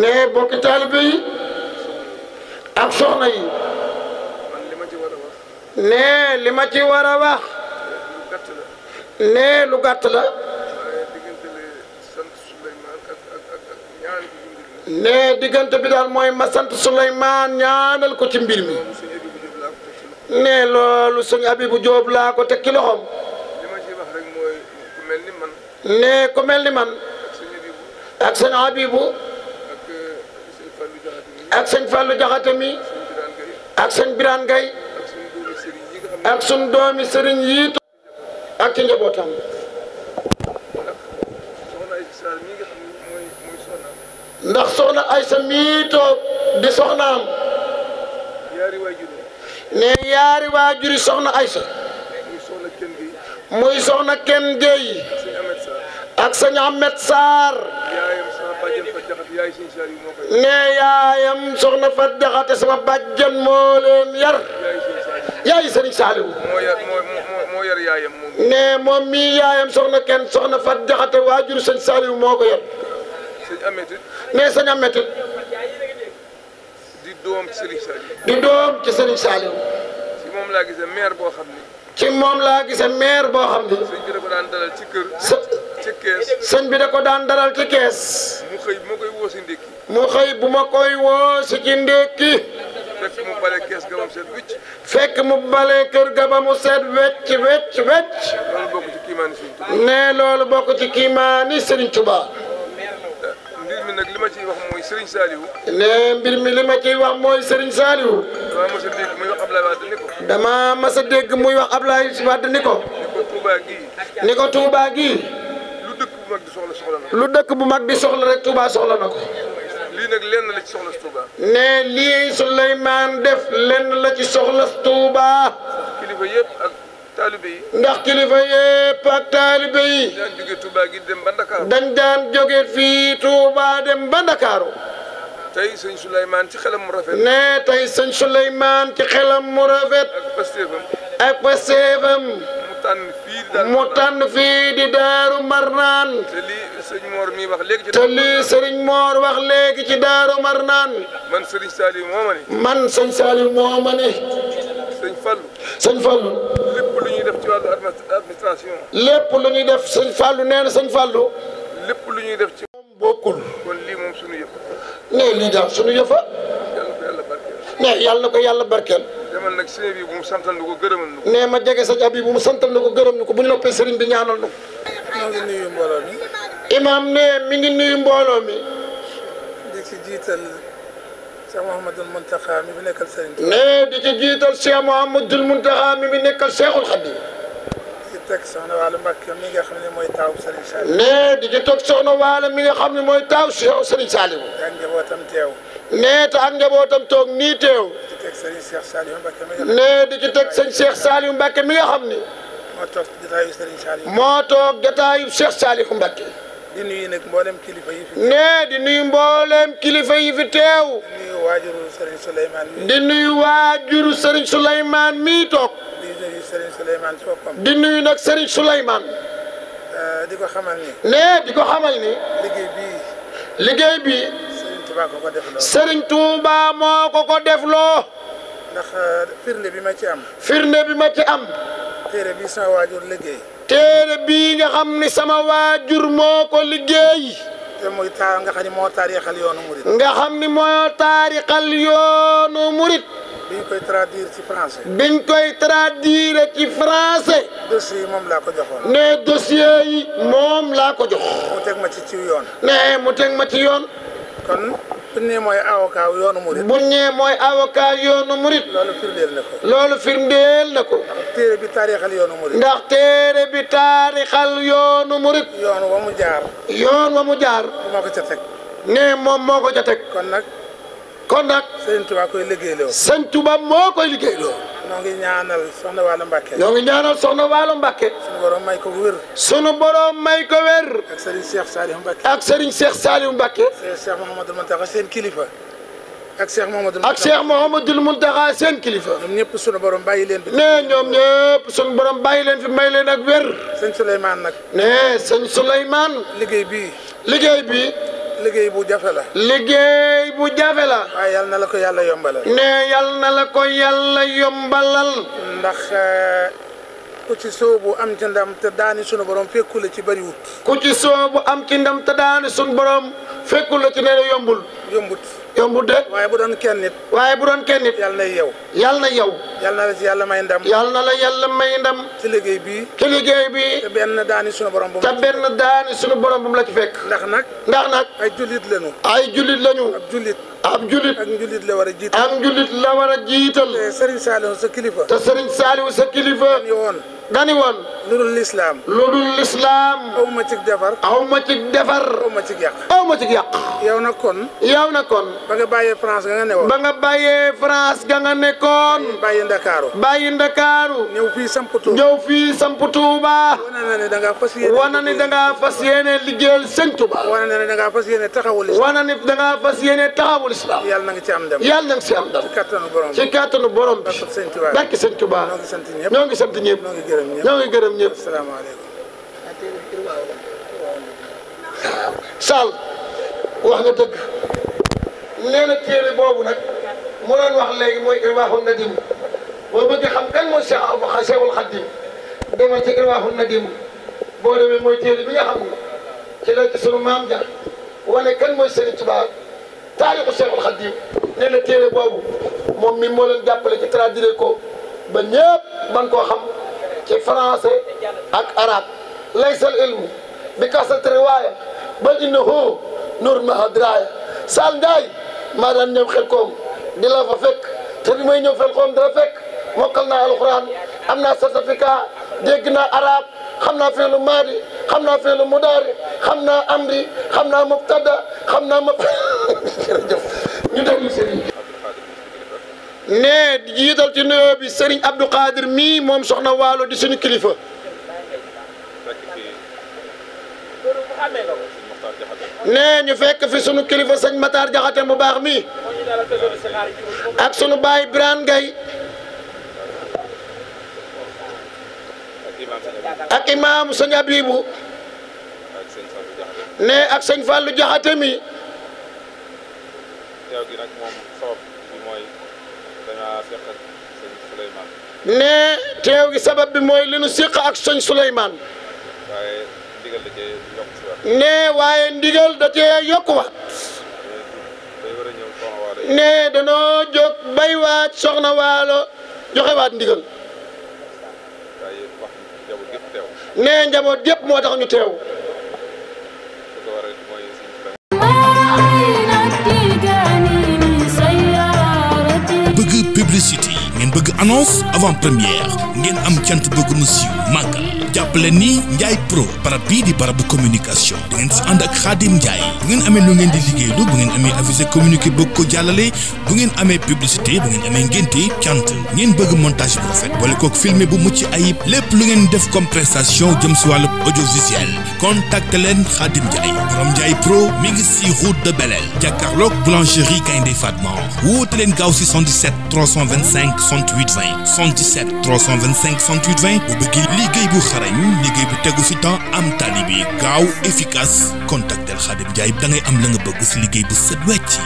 ne bokki taalibe yi ak soxna li ma ci war a wax ne lu gàtt la ne diggante bi daal mooy ma sant Souleymane ñaanal ko ci mbir mi ne loolu suñu Abibu Jóob laa ko teg ci loxoom ne ku mel ni man ak suñu ak sëñ Fallou Jaxate mi ak sëñ Birane Gay ak suñ doomi sëriñ yi ak ci njabootam ndax soxna Aysa mii toog di soxnaam ne yaari waajuri soxna Aysa muy soxna kenn Gueye ak sëñ Ahmed nee yaayam soxna Fat Jaxate sama bàjjan moo leen yar yaay Sëriñ Saaliw moo moom mii yaayam soxna kenn soxna Fat Jaxate waajur Sëriñ Saaliw moo ko yar nee sëñ Ametit di doom ci Sëriñ Saaliw ci moom laa gisee maire boo xam ni ci moom laa gisee maire boo xam ni sëñ bi da ko daan dalal ci kër ci kees sëñ bi da ko daan dalal ci kees mu xëy bu ma koy woo si bu ma koy woo si ci ndékki. fekk mu bale kees gabam fekk mu bale kër gabamu seet wecc wecc wecc. loolu bokk ci kiimaani Serigne Touba. nee loolu bokk ci kiimaani Serigne Touba. li ma ciy wax mooy Serigne Saliou. nee mbir mi li ma ciy wax mooy Serigne Saliou. damaa mas a dégg muy wax Ablaye Wade ni ko. ni ko. ni lu dëkk bu mag di soxla rek Touba soxla na lii nag lenn la ci soxla si Touba. ne def lenn la ci soxla si Touba. kilifa yëpp ak taalibe yi. ndax kilifa yëpp ak taalibe yi. dañ daan jóge dem ba Ndakaaru. dañ daan jóge fii sëñ Souleymane ci xelam mu rafet. ne tey sëñ ci xelam mu tànn fii di daaru marnaan te lii sëriñ moor mi wax léegi ci te lii ci daaru marnaan man sëriñ Saaliw moo man sëñ Saaliw moo ma ne sëñ Fallou sëñ lu ñuy def ci wàllu administration lépp lu ñuy def sëñ Fallou nee na sëñ lépp lu ñuy def ci moom bokkul kon lii moom sunu yëf ne lii na ko yàlla barkeel ñaanal nag sëñ bi bu mu nee ma jege sëñ abi bu mu santal nu ko ko bu ñu noppee sëriñ bi mi. ngi nuyu mbooloo mi. di ji jiital Cheikh Mouhamadul Mountakha mi bi nekkal sëriñ bi. nee di ci jiital Cheikh Mouhamadul Mountakha mi bi nekkal Cheikhul Khadim. di ci teg soxna nga xam ne mooy taaw Serigne Saliou. nee di ci teg soxna Waala mi nga xam ne mooy taaw Serigne Saliou. ak njabootam nee te ak njabootam toog nii teew. Serigne Cheikh Saliou Mbacke mi nga. nee di ci teg sëñ Cheikh Saliou mi xam ni. moo toog jotaayu Serigne Saliou. moo kilifa yi nee di nuyu mboolem kilifa yi fi teew. di nuyu waajuru Serigne Souleymane mi. toog. di nuyu Serigne Souleymane ci nag Serigne Souleymane. Euh, di ko xamal nee di ko xamal ni. liggéey bii. liggéey bii. moo ko ko def loo. ndax euh, firnde bi ma ci am. firnde bi ma ci am. téere bi sama waajur liggéey. téere bi nga xam ni sama waajur moo ko liggéey. te muy taa nga xam ni moo xal yoonu murit. nga xam ni moo taarixal yoonu murit. biñ koy traduire ci français. biñ dossier yi moom laa ko joxoon. jox. mu teg ma ci ci yoon. ne mu teg ma ci yoon. kon. buñ mooy avocat yoonu murit. buñ mooy avocat yoonu murit. loolu firndeel na ko. loolu firndeel na ko. ndax téere bi taarixal yoonu murit. bi taarixal yoonu murit. yoon wa mu jaar. yoon wa mu jaar. moo ko ca teg. nee moom moo ko ca teg. kon nag. kon nag. sëñ Tuba koy liggéeyloo. sëñ Tuba moo koy liggéeyloo. ñoo ngi ñaanal soxna Waalo Mbacke. ñoo ngi ñaanal soxna Waalo Mbacke. sunu borom may ko wér. sunu borom may ko wér. ak Serigne Cheikh Saliou Mbacke. ak Serigne Cheikh Saliou Mbacke. Serigne Cheikh Mouhamadou Mountakha seen kilifa. ak Cheikh Mouhamadou Mountakha ak Cheikh Mouhamadou Mountakha seen kilifa. ñoom ñëpp sunu borom bàyyi leen fi. nee ñoom ñëpp sunu borom bàyyi leen fi may leen ak wér. sëñ Souleymane nag. nee sëñ Souleymane. liggéey bi liggéey bi liggéey bu jafe la. liggéey bu jafe la. waaye yal na la ko yàlla yombalal. ne yal na la ko yàlla yombalal. ndax eh, ku ci soobu am ci ndam te daani sunu borom fekku la ci bariwut. ku ci soobu am ci ndam te daani sunu borom fekku la ci nee yombul. yombut. yombul de. waaye bu doon kenn nit. waaye bu doon kenn nit. yàlla na yow. yàlla na yow. yàlla na yàlla may ndam. yàlla na la yàlla may ndam. ci liggéey bi ci liggéey bii. te benn daani sunu borom bu mu. te benn daani sunu borom bu la ci fekk. ndax nag. ndax nag. ay jullit lañu. ay jullit lañu. ab jullit. ab jullit. ak jullit la war a jiital. am jullit la war a jiital. te Serigne sa kilifa. te Serigne Saliou sa kilifa. yoon. gani won lulul islam lulul islam aw ma cig defar aw ma cig defar aw ma cig yàq aw ma cig na kon yaw na kon ba nga baye France ga nga newoon ba nga baye France ga nga nekkoon mm, bàyyi Ndakaaru bàyyi Ndakaaru ñëw fii samp Tuuba ñëw fii samp Tuuba wana ne da nga fasiyene yéene wana ni da ngaa fas yéene wana ne da nga fasiyene taxawul islam wana da nga fasiyene taxawul islam yalla nga ci am dem yalla nga ci am dem ci katanu borom ci katanu borom bi barke sëñ Tuuba barke sëñ Tuuba sant ñëpp ñongi sant ñëpp gërëm ñëpp ñoo ngi gërëm ñëpp. asalaamaaleykum. Sall wax nga dëgg nee na téere boobu nag moo doon wax léegi mooy irwaaxu nadim boo bëgg xam kan mooy Cheikh Abou Cheikhul Khadim demal ci irwaaxu nadim boo demee mooy téere bi nga xam ci la ci sunu maam ja wane kan mooy Serigne Touba taarixu Cheikhul Khadim nee na téere boobu moom mi moo leen jàppale ci traduire ko ba ñëpp man koo xam. ci français ak arabe laysal ilmu bi kasat riwaaya bal innahu nur mahadraaya Sall Ndiaye maa daan ñëw xel koom di la fa fekk te bi may ñëw xel koom di la fekk mokkal naa alxuraan am naa certificat dégg naa arabe xam naa fiilu maadi xam naa fiilu mudaari xam naa amri xam naa mubtada xam naa ma jërëjëf déglu ne di jiital ci nuyoo bi Serigne Abdou Khadir mii moom soxna waalo di suñu kilifa ne ñu fekk fi suñu kilifa sëñ Matar Jaxate mu baax mii ak suñu baay Birane Gueye ak imaamu sëñ Abibu ne ak sëñ Fallou Jaxate mi ne teew gi sabab bi mooy li nu séq ak sëñ Souleymane ne waaye ndigal da cee yokkuwaat ne danoo jóg baywaat soxna waalo joxewaat ndigal ne njaboot yépp moo tax ñu teew bëgg annonce avant première ngeen am cant bëgg nu siiw jàppale ni Ndiaye Pro barab bii di barabu communication di ngeen si ànd ak Xaadim Ndiaye bu ngeen amee lu ngeen di liggéeylu bu ngeen amee avisé communiqué bëgg ko jàllale bu ngeen amee publicité bu ngeen amee ngénte cant ngeen bëgg montage bu boole kook filmé bu mucc ayib lépp lu ngeen def comme prestation si wàllu audiovisuel contacte leen Xaadim Ndiaye borom Ndiaye Pro mi ngi si route de Belel jàkkaarloog boulangerie Gaynde Fatma woote leen gaaw si 77 325 68 20 bu liggéey bu tegu fi temps am tali bi gaaw efficace contactel Khadim Ndiaye da ngay am la nga bëgg si liggéey bu set wecc